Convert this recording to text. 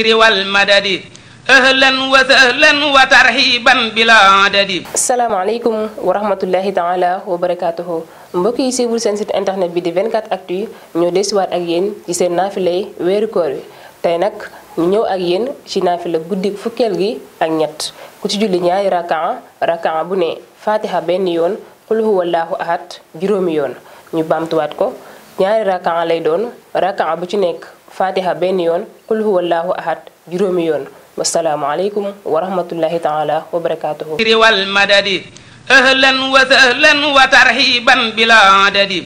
ahlan wa sahlan wa tarhiban bila adadi salaamaaleykum wa rahmatullahi taala wa barakaatuhu mbokk yi siiwul seen site internet bi di 24 actu yi ñoo desiwaat ak yéen ci seen naafilay weeru koor wi tey nag ñu ñëw ak yéen ci naafila guddi fukkeel gi ak ñett ku ci julli ñaari rakaa rakaa bu ne faatiha benn yoon qul huwallaahu ahad juróomi yoon ñu baamtuwaat ko ñaari rakaa lay doon rakaa bu ci nekk fatiha benn yoon qul huwallahu ahad juróomi yoon wasalaamu aleykum wa rahmatullahi taala wa barakaatuhu riwal madadi ahlan wa sahlan wa tarhiban bila adadi